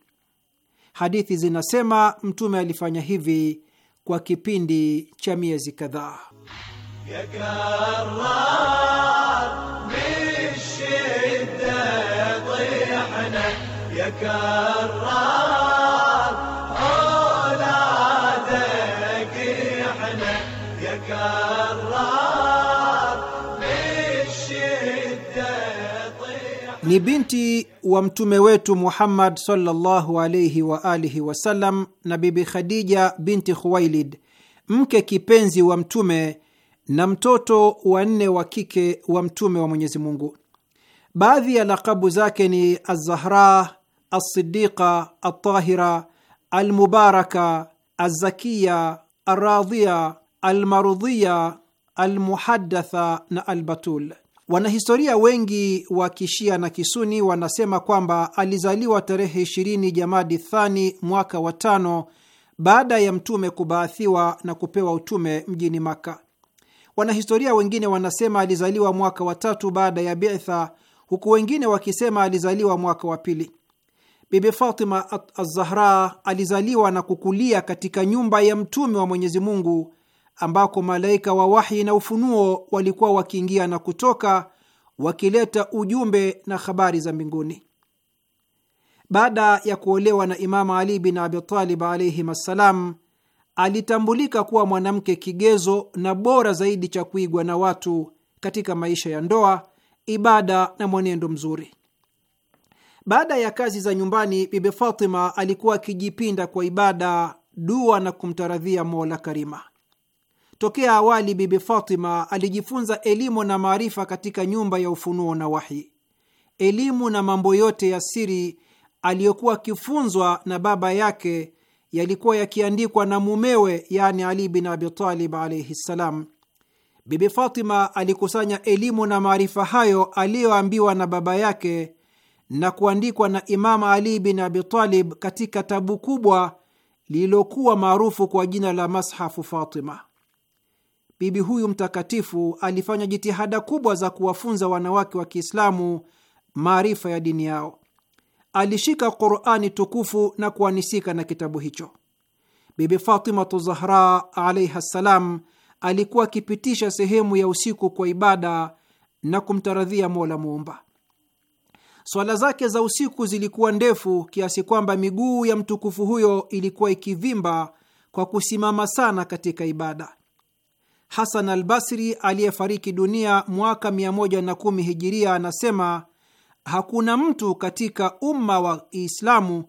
Hadithi zinasema Mtume alifanya hivi kwa kipindi cha miezi kadhaa. ni binti wa mtume wetu Muhammad sallallahu alaihi wa alihi wasallam na Bibi Khadija binti Khuwailid, mke kipenzi wa mtume na mtoto wa nne wa kike wa mtume wa Mwenyezi Mungu. Baadhi ya lakabu zake ni Azahra, Alsidiqa, Altahira, Almubaraka, Alzakiya, Alradhiya, Almarudhiya, Almuhadatha na Albatul. Wanahistoria wengi wa kishia na kisuni wanasema kwamba alizaliwa tarehe 20 Jamadi Thani mwaka wa tano baada ya mtume kubaathiwa na kupewa utume mjini Makka. Wanahistoria wengine wanasema alizaliwa mwaka wa tatu baada ya bitha, huku wengine wakisema alizaliwa mwaka wa pili. Bibi Fatima Az-Zahra alizaliwa na kukulia katika nyumba ya mtume wa Mwenyezi Mungu ambako malaika wa wahi na ufunuo walikuwa wakiingia na kutoka wakileta ujumbe na habari za mbinguni. Baada ya kuolewa na Imamu Ali bin Abitalib alaihim assalam, alitambulika kuwa mwanamke kigezo na bora zaidi cha kuigwa na watu katika maisha ya ndoa, ibada na mwenendo mzuri. Baada ya kazi za nyumbani, Bibi Fatima alikuwa akijipinda kwa ibada, dua na kumtaradhia Mola Karima. Tokea awali Bibi Fatima alijifunza elimu na maarifa katika nyumba ya ufunuo na wahi. Elimu na mambo yote ya siri aliyokuwa akifunzwa na baba yake yalikuwa yakiandikwa na mumewe, yani Ali bin Abitalib alaihi ssalam. Bibi Fatima alikusanya elimu na maarifa hayo aliyoambiwa na baba yake na kuandikwa na Imamu Ali bin Abitalib katika tabu kubwa lililokuwa maarufu kwa jina la Mashafu Fatima bibi huyu mtakatifu alifanya jitihada kubwa za kuwafunza wanawake wa Kiislamu maarifa ya dini yao. Alishika Qurani tukufu na kuanisika na kitabu hicho. Bibi Fatimatu Zahra alaiha ssalam alikuwa akipitisha sehemu ya usiku kwa ibada na kumtaradhia Mola Muumba. Swala zake za usiku zilikuwa ndefu kiasi kwamba miguu ya mtukufu huyo ilikuwa ikivimba kwa kusimama sana katika ibada. Hasan al Basri aliyefariki dunia mwaka 110 Hijiria anasema hakuna mtu katika umma wa Islamu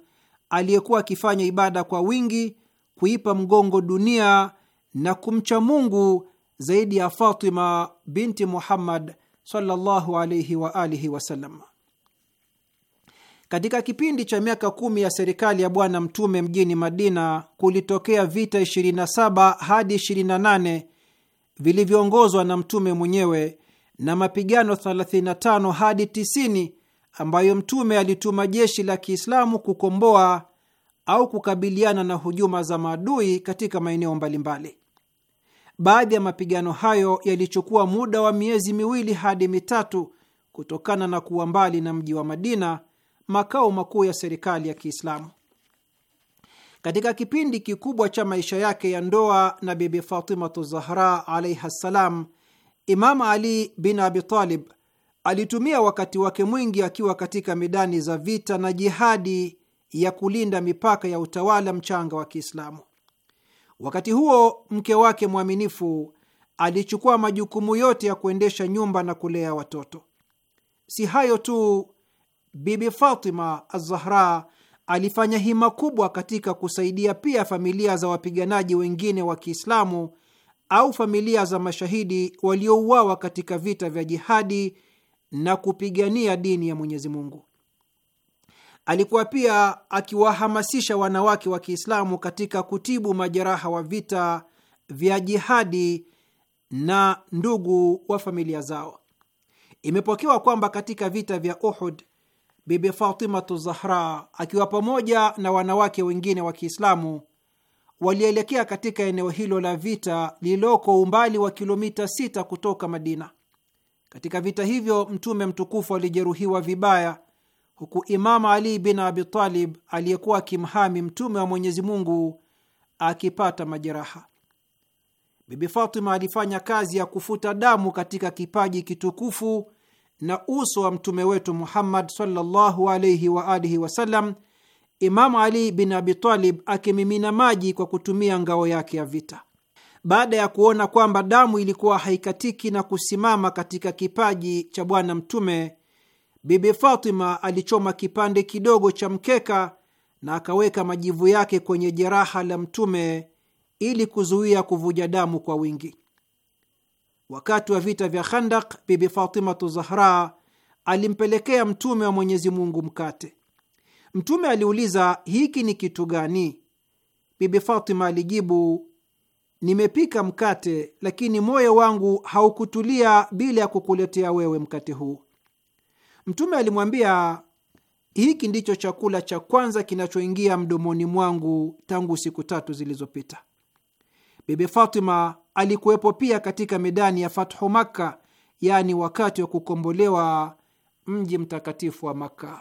aliyekuwa akifanya ibada kwa wingi, kuipa mgongo dunia na kumcha Mungu zaidi ya Fatima binti Muhammad sallallahu alayhi wa alihi wasallam. Katika kipindi cha miaka kumi ya serikali ya Bwana Mtume mjini Madina kulitokea vita 27 hadi 28 vilivyoongozwa na mtume mwenyewe na mapigano 35 hadi 90 ambayo mtume alituma jeshi la Kiislamu kukomboa au kukabiliana na hujuma za maadui katika maeneo mbalimbali. Baadhi ya mapigano hayo yalichukua muda wa miezi miwili hadi mitatu kutokana na kuwa mbali na mji wa Madina, makao makuu ya serikali ya Kiislamu. Katika kipindi kikubwa cha maisha yake ya ndoa na Bibi Fatimatu Zahra alaiha ssalam, Imamu Ali bin Abitalib alitumia wakati wake mwingi akiwa katika midani za vita na jihadi ya kulinda mipaka ya utawala mchanga wa Kiislamu. Wakati huo mke wake mwaminifu alichukua majukumu yote ya kuendesha nyumba na kulea watoto. Si hayo tu, Bibi Fatima Azahra alifanya hima kubwa katika kusaidia pia familia za wapiganaji wengine wa Kiislamu au familia za mashahidi waliouawa katika vita vya jihadi na kupigania dini ya Mwenyezi Mungu. Alikuwa pia akiwahamasisha wanawake wa Kiislamu katika kutibu majeraha wa vita vya jihadi na ndugu wa familia zao. Imepokewa kwamba katika vita vya Uhud Bibi Fatimatu Zahra akiwa pamoja na wanawake wengine wa Kiislamu walielekea katika eneo hilo la vita lililoko umbali wa kilomita sita kutoka Madina. Katika vita hivyo Mtume mtukufu alijeruhiwa vibaya, huku Imamu Ali bin Abitalib aliyekuwa akimhami Mtume wa Mwenyezi Mungu akipata majeraha. Bibi Fatima alifanya kazi ya kufuta damu katika kipaji kitukufu na uso wa mtume wetu Muhammad sallallahu alaihi wa alihi wasallam, Imamu Ali bin Abitalib akimimina maji kwa kutumia ngao yake ya vita. Baada ya kuona kwamba damu ilikuwa haikatiki na kusimama katika kipaji cha bwana mtume, Bibi Fatima alichoma kipande kidogo cha mkeka na akaweka majivu yake kwenye jeraha la mtume ili kuzuia kuvuja damu kwa wingi. Wakati wa vita vya Khandak, Bibi Fatimatu Zahra alimpelekea Mtume wa Mwenyezi Mungu mkate. Mtume aliuliza, hiki ni kitu gani? Bibi Fatima alijibu, nimepika mkate, lakini moyo wangu haukutulia bila ya kukuletea wewe mkate huu. Mtume alimwambia, hiki ndicho chakula cha kwanza kinachoingia mdomoni mwangu tangu siku tatu zilizopita. Bibi Fatima alikuwepo pia katika medani ya fathu Makka, yaani wakati wa kukombolewa mji mtakatifu wa Makka.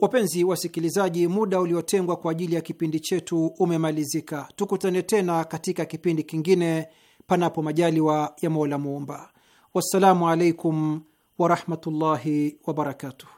Wapenzi wasikilizaji, muda uliotengwa kwa ajili ya kipindi chetu umemalizika. Tukutane tena katika kipindi kingine, panapo majaliwa ya Mola Muumba. Wassalamu alaikum warahmatullahi wabarakatuh.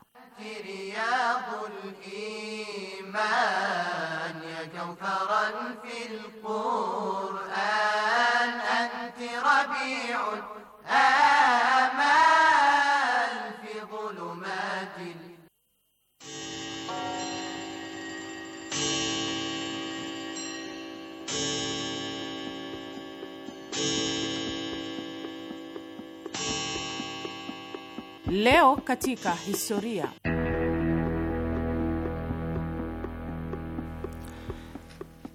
Leo katika historia.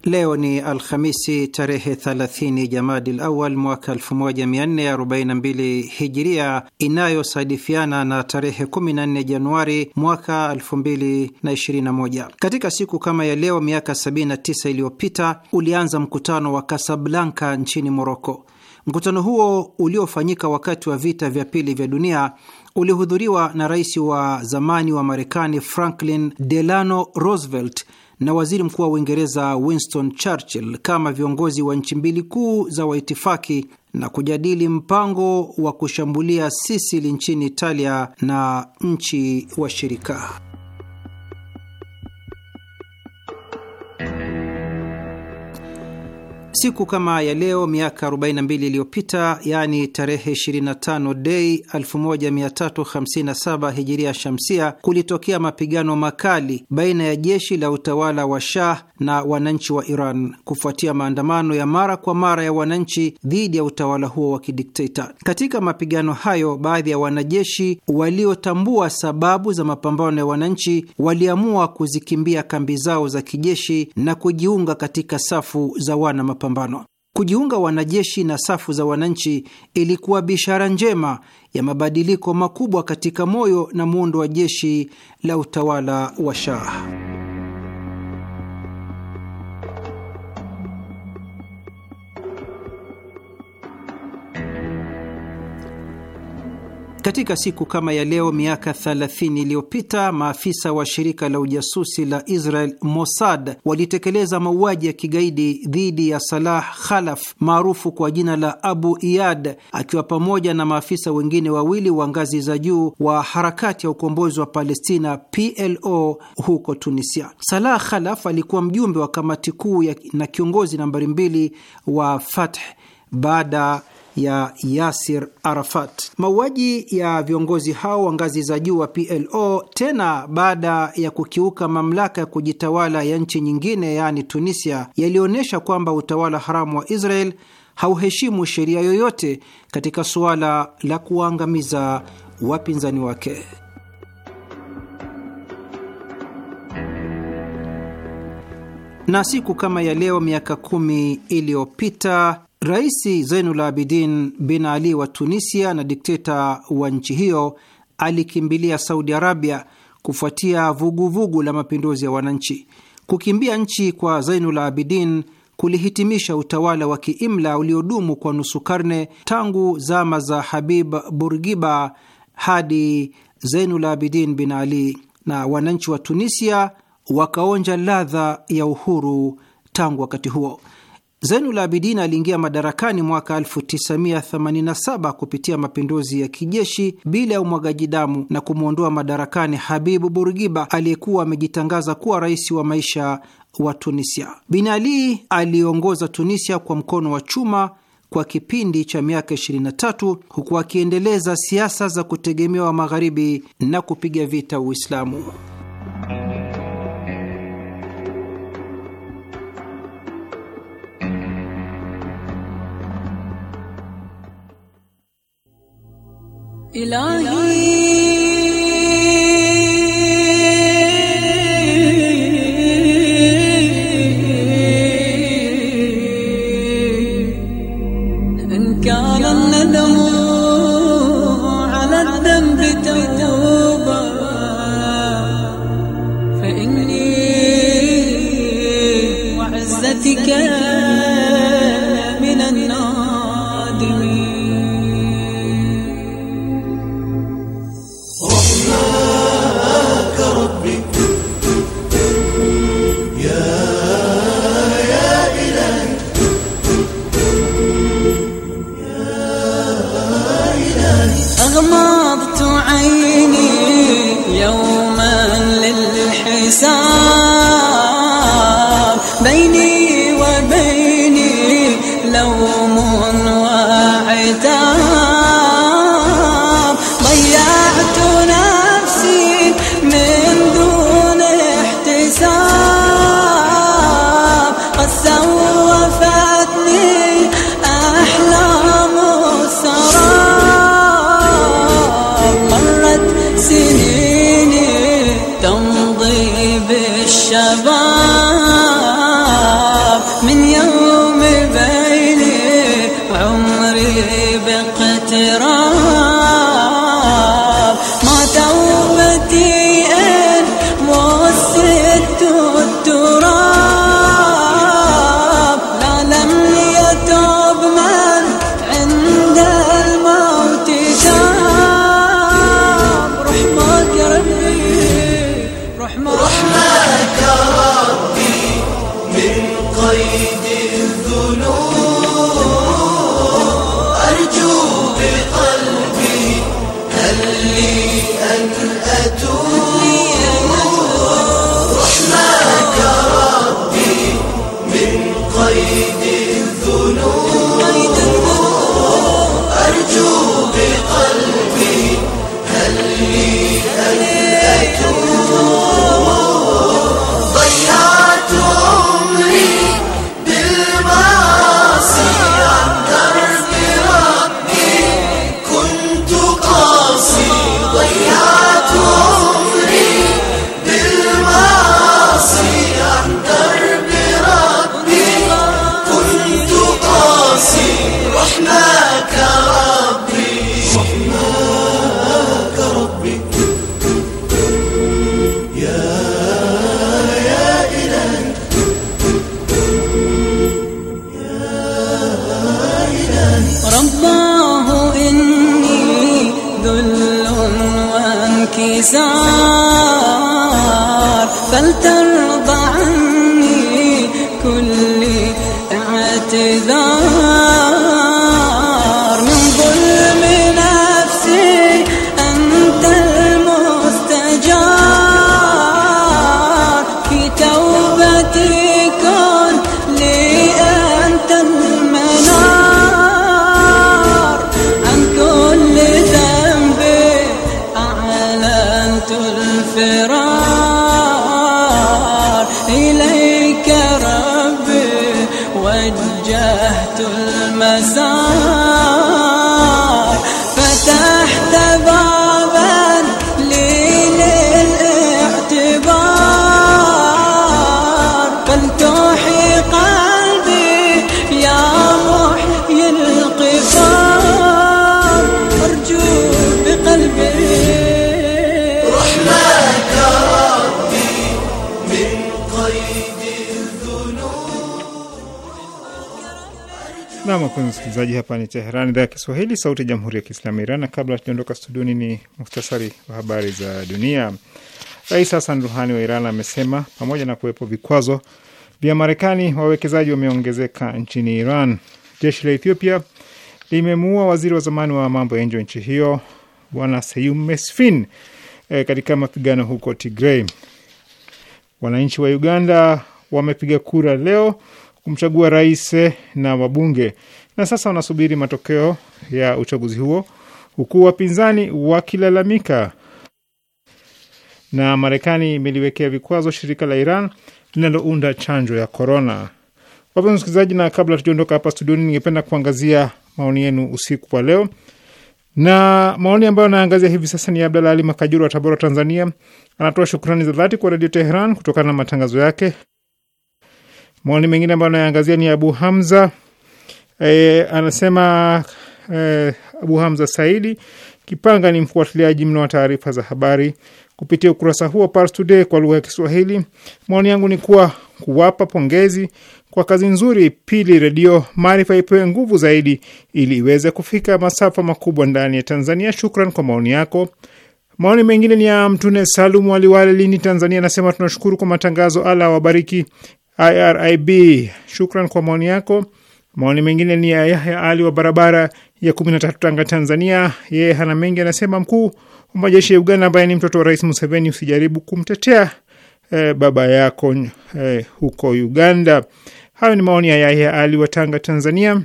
Leo ni Alhamisi tarehe 30 Jamadil Awal mwaka 1442 Hijiria, inayosadifiana na tarehe 14 Januari mwaka 2021. Katika siku kama ya leo miaka 79 iliyopita ulianza mkutano wa Kasablanka nchini Moroko. Mkutano huo uliofanyika wakati wa vita vya pili vya dunia ulihudhuriwa na rais wa zamani wa Marekani Franklin Delano Roosevelt na waziri mkuu wa Uingereza Winston Churchill kama viongozi wa nchi mbili kuu za waitifaki na kujadili mpango wa kushambulia Sisili nchini Italia na nchi washirika. Siku kama ya leo miaka 42 iliyopita, yaani tarehe 25 Dei 1357 hijiria shamsia, kulitokea mapigano makali baina ya jeshi la utawala wa Shah na wananchi wa Iran kufuatia maandamano ya mara kwa mara ya wananchi dhidi ya utawala huo wa kidikteta. Katika mapigano hayo, baadhi ya wanajeshi waliotambua sababu za mapambano ya wananchi waliamua kuzikimbia kambi zao za kijeshi na kujiunga katika safu za wana mapambano mapambano. Kujiunga wanajeshi na safu za wananchi ilikuwa bishara njema ya mabadiliko makubwa katika moyo na muundo wa jeshi la utawala wa Shah. Katika siku kama ya leo miaka 30 iliyopita maafisa wa shirika la ujasusi la Israel Mossad walitekeleza mauaji ya kigaidi dhidi ya Salah Khalaf maarufu kwa jina la Abu Iyad akiwa pamoja na maafisa wengine wawili wa ngazi za juu wa harakati ya ukombozi wa Palestina PLO huko Tunisia. Salah Khalaf alikuwa mjumbe wa kamati kuu na kiongozi nambari mbili wa Fatah baada ya Yasir Arafat. Mauaji ya viongozi hao wa ngazi za juu wa PLO, tena baada ya kukiuka mamlaka ya kujitawala ya nchi nyingine, yaani Tunisia, yalionyesha kwamba utawala haramu wa Israel hauheshimu sheria yoyote katika suala la kuwaangamiza wapinzani wake. Na siku kama ya leo miaka kumi iliyopita Rais Zainul Abidin bin Ali wa Tunisia na dikteta wa nchi hiyo alikimbilia Saudi Arabia kufuatia vuguvugu vugu la mapinduzi ya wananchi. Kukimbia nchi kwa Zainul Abidin kulihitimisha utawala wa kiimla uliodumu kwa nusu karne tangu zama za Habib Burgiba hadi Zainul Abidin bin Ali, na wananchi wa Tunisia wakaonja ladha ya uhuru tangu wakati huo. Zainul Abidin aliingia madarakani mwaka 1987 kupitia mapinduzi ya kijeshi bila ya umwagaji damu na kumwondoa madarakani Habibu Burgiba aliyekuwa amejitangaza kuwa rais wa maisha wa Tunisia. Bin Ali aliongoza Tunisia kwa mkono wa chuma kwa kipindi cha miaka 23 huku akiendeleza siasa za kutegemewa magharibi na kupiga vita Uislamu. ilahi, ilahi. فلترضى عني كل اعتذار wapenzi msikilizaji, hapa ni Teheran, idhaa ya Kiswahili, sauti ya jamhuri ya kiislamu Iran. Na kabla tujaondoka studioni, ni muhtasari wa habari za dunia. Rais Hasan Ruhani wa Iran amesema pamoja na kuwepo vikwazo vya Marekani, wawekezaji wameongezeka nchini Iran. Jeshi la Ethiopia limemuua waziri wa zamani wa mambo ya nje wa nchi hiyo Bwana Seyum Mesfin e, katika mapigano huko Tigray. Wananchi wa Uganda wamepiga kura leo kumchagua rais na wabunge, na sasa wanasubiri matokeo ya uchaguzi huo, huku wapinzani wakilalamika. Na Marekani imeliwekea vikwazo shirika la Iran linalounda chanjo ya korona. Wapenzi msikilizaji, na kabla tujaondoka hapa studioni, ningependa kuangazia maoni yenu usiku wa leo, na maoni ambayo anaangazia hivi sasa ni Abdalah Ali Makajuru wa Tabora, Tanzania. Anatoa shukrani za dhati kwa Redio Teheran kutokana na matangazo yake Maoni mengine ambayo anaangazia ni Abu Hamza e, anasema e, Abu Hamza Saidi Kipanga ni mfuatiliaji mno wa taarifa za habari kupitia ukurasa huo Pars Today kwa lugha ya Kiswahili. Maoni yangu ni kuwa kuwapa pongezi kwa kazi nzuri. Pili, redio Maarifa ipewe nguvu zaidi ili iweze kufika masafa makubwa ndani ya Tanzania. Shukran kwa maoni yako. Maoni mengine ni ya Mtune Salumu Waliwale, Lini, Tanzania, anasema tunashukuru kwa matangazo, ala wabariki. IRIB. Shukran kwa maoni yako. Maoni mengine ni ya Yahya Ali wa barabara ya 13 Tanga, Tanzania. Yeye hana mengi, anasema mkuu wa majeshi ya Uganda ambaye ni mtoto wa Rais Museveni, usijaribu kumtetea eh, baba yako eh, huko Uganda. Hayo ni maoni ya Yahya Ali wa Tanga, Tanzania.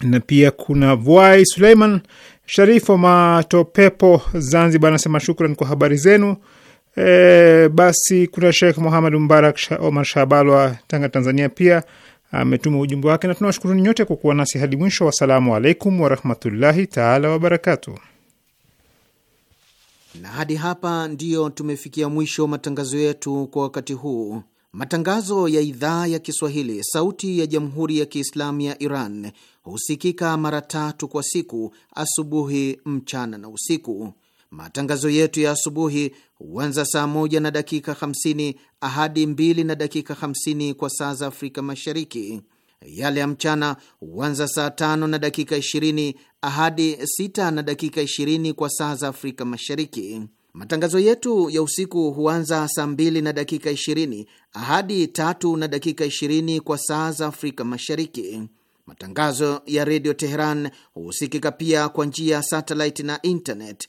Na pia kuna Vuai Suleiman Sharifu Matopepo, Zanzibar, anasema shukran kwa habari zenu. E, basi kuna Sheikh Muhammad Mubarak Omar Shabal wa Tanga, Tanzania pia ametuma ujumbe wake, na tunawashukuru nyote kwa kuwa nasi hadi mwisho. Wassalamu alaikum warahmatullahi taala wabarakatu. Na hadi hapa ndiyo tumefikia mwisho matangazo yetu kwa wakati huu. Matangazo ya idhaa ya Kiswahili sauti ya jamhuri ya Kiislamu ya Iran husikika mara tatu kwa siku: asubuhi, mchana na usiku. Matangazo yetu ya asubuhi huanza saa moja na dakika 50 ahadi mbili na dakika 50 kwa saa za Afrika Mashariki. Yale ya mchana huanza saa tano na dakika 20 ahadi sita na dakika 20 kwa saa za Afrika Mashariki. Matangazo yetu ya usiku huanza saa mbili na dakika 20 ahadi tatu na dakika 20 kwa saa za Afrika Mashariki. Matangazo ya Redio Teheran husikika pia kwa njia ya satellite na internet.